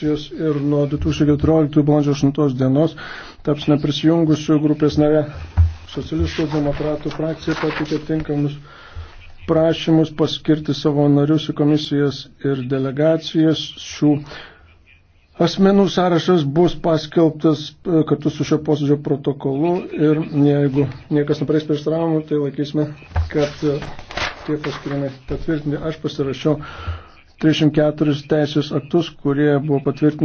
frakcijos ir nuo 2014 balandžio 8 dienos taps neprisijungusių grupės nare. Socialistų demokratų frakcija patikė tinkamus prašymus paskirti savo narius į komisijas ir delegacijas. Šių asmenų sąrašas bus paskelbtas e, kartu su šio posėdžio protokolu ir jeigu niekas nepareis prieštaravimų, tai laikysime, kad e, tie paskirimai patvirtinti. Aš pasirašiau 34 teisės aktus, kurie buvo patvirtinti.